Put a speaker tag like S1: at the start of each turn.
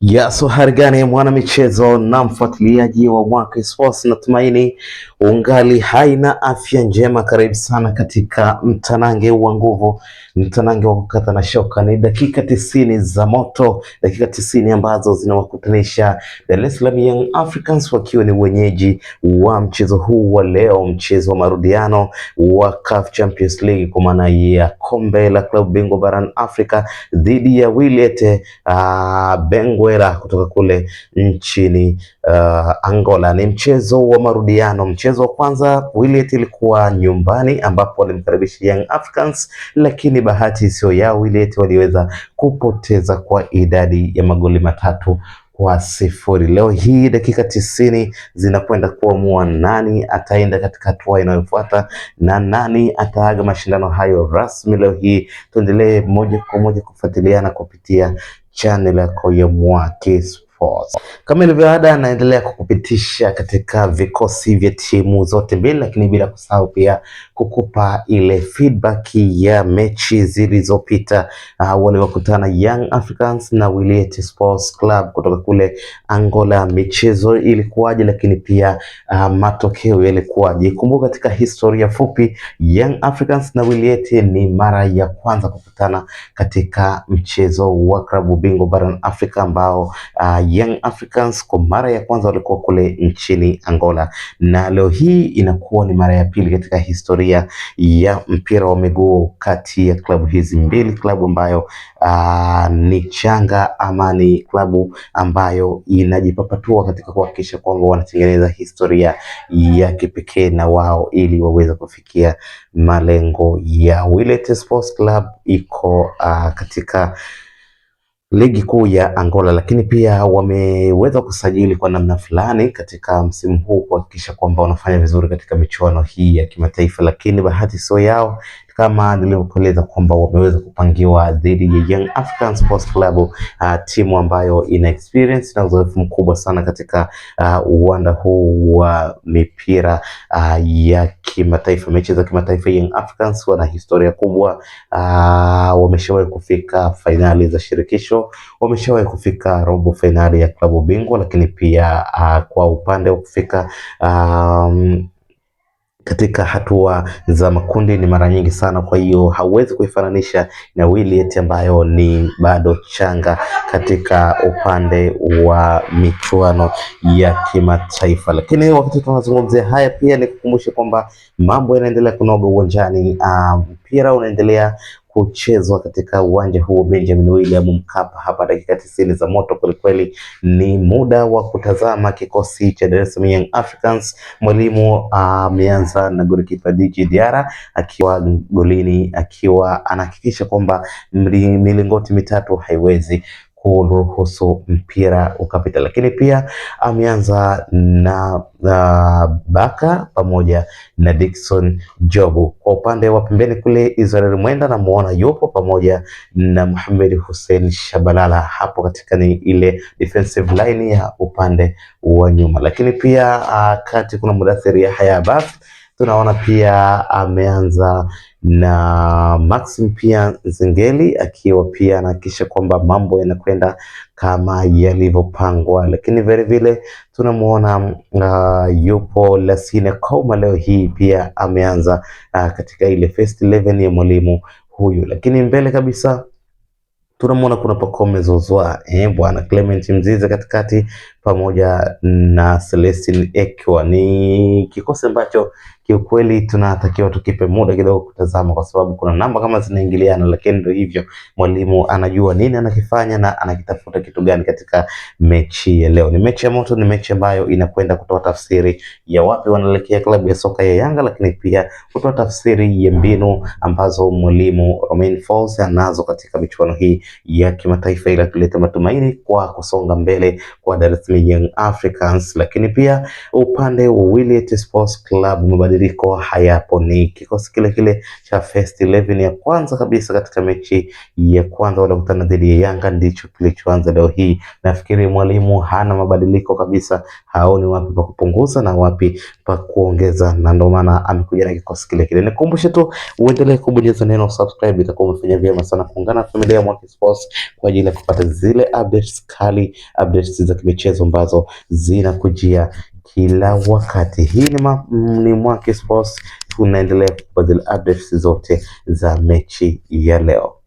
S1: Yasu harigani mwana michezo na mfuatiliaji wa mwaka Sports, natumaini ungali hai na afya njema. Karibu sana katika mtanange wa nguvu, mtanange wa kukata na shoka. Ni dakika tisini za moto, dakika tisini ambazo zinawakutanisha Dar es Salaam Young Africans wakiwa ni wenyeji wa mchezo huu wa leo, mchezo wa marudiano wa CAF Champions League kwa maana ya kombe la klabu bingwa barani Afrika dhidi ya Wiliete uh, ah, Bengwe Talavera kutoka kule nchini uh, Angola. Ni mchezo wa marudiano. Mchezo wa kwanza Wiliet ilikuwa nyumbani ambapo walimkaribisha Young Africans, lakini bahati isiyo yao Wiliet waliweza kupoteza kwa idadi ya magoli matatu kwa sifuri. Leo hii dakika tisini zinakwenda kuamua nani ataenda katika hatua inayofuata na nani ataaga mashindano hayo rasmi leo hii. Tuendelee moja kwa moja kufuatiliana kupitia channel yako ya Mwaki Sports. Kama ilivyo ada, naendelea kukupitisha katika vikosi vya timu zote mbili, lakini bila kusahau pia kukupa ile feedback ya mechi zilizopita. Ah, uh, waliokutana Young Africans na Wiliete Sports Club kutoka kule Angola. Michezo ilikuwaje? Lakini pia uh, matokeo yalikuwaje? Kumbuka katika historia fupi, Young Africans na Wiliete ni mara ya kwanza kukutana katika mchezo wa klabu bingwa barani Afrika ambao uh, Young Africans kwa mara ya kwanza walikuwa kule nchini Angola, na leo hii inakuwa ni mara ya pili katika historia historia ya mpira wa miguu kati ya klabu hizi mbili, klabu ambayo aa, ni changa ama ni klabu ambayo inajipapatua katika kuhakikisha kwamba wanatengeneza historia ya kipekee na wao ili waweze kufikia malengo ya Willet Sports Club iko aa, katika ligi kuu ya Angola, lakini pia wameweza kusajili kwa namna fulani katika msimu huu kuhakikisha kwamba wanafanya vizuri katika michuano hii ya kimataifa, lakini bahati sio yao kama nilivyokueleza kwamba wameweza kupangiwa dhidi ya Young African Sports Club, uh, timu ambayo ina experience na uzoefu mkubwa sana katika uh, uwanda uh, huu wa uh, mipira uh, ya kimataifa, mechi za kimataifa. Young Africans wana historia kubwa uh, wameshawahi kufika fainali za shirikisho, wameshawahi kufika robo fainali ya klabu bingwa, lakini pia uh, kwa upande wa kufika um, katika hatua za makundi ni mara nyingi sana, kwa hiyo hauwezi kuifananisha na Willet ambayo ni bado changa katika upande wa michuano ya kimataifa. Lakini wakati tunazungumzia haya, pia nikukumbushe kwamba mambo yanaendelea kunoga uwanjani. Ah, mpira unaendelea kuchezwa katika uwanja huu Benjamin William Mkapa hapa, dakika tisini za moto kwelikweli. Ni muda wa kutazama kikosi cha Dar es Salaam Young Africans. Mwalimu ah, ameanza uh, na golikipa Djigui diara akiwa golini, akiwa anahakikisha kwamba milingoti mitatu haiwezi kuruhusu mpira ukapita, lakini pia ameanza na uh, Baka pamoja na Dickson Jobu. Kwa upande wa pembeni kule, Israel Mwenda namuona yupo pamoja na Muhammad Hussein Shabalala hapo katika ni ile defensive line ya upande wa nyuma, lakini pia uh, kati kuna Mudathir Yahya Abbas tunaona pia ameanza na Maxim pia Nzengeli akiwa pia anahakikisha kwamba mambo yanakwenda kama yalivyopangwa, lakini vile vile tunamwona uh, yupo Lasine Koma leo hii pia ameanza uh, katika ile first 11 ya mwalimu huyu, lakini mbele kabisa tunamuona kuna Pacome Zozoa eh, bwana Clement Mzize katikati pamoja na Celestine Ekwa. Ni kikosi ambacho kiukweli tunatakiwa tukipe muda kidogo kutazama, kwa sababu kuna namba kama zinaingiliana, lakini ndio hivyo, mwalimu anajua nini anakifanya na anakitafuta kitu gani katika mechi ya leo. Ni mechi ya moto, ni mechi ambayo inakwenda kutoa tafsiri ya wapi wanaelekea klabu ya soka ya Yanga, lakini pia kutoa tafsiri ya mbinu ambazo mwalimu Romain Folz anazo katika michuano hii ya kimataifa, ili kuleta matumaini kwa kusonga mbele kwa Dar es Salaam Young Africans. Lakini pia upande wa Wiliete Sports Club mabadiliko hayapo. Ni kikosi kile kile cha first 11 ya kwanza kabisa katika mechi ya kwanza waliokutana dhidi ya Yanga ndicho kilichoanza leo hii. Nafikiri mwalimu hana mabadiliko kabisa, haoni wapi pa kupunguza na wapi pa kuongeza, na ndio maana amekuja na kikosi kile kile. Nikumbushe tu uendelee kubonyeza neno subscribe, itakuwa umefanya vyema sana kuungana na familia ya Mwaki Sports kwa ajili ya kupata zile updates kali, updates za kimichezo ambazo zinakujia kila wakati. Hii ni Mwaki Sports, tunaendelea kupata updates zote za mechi ya leo.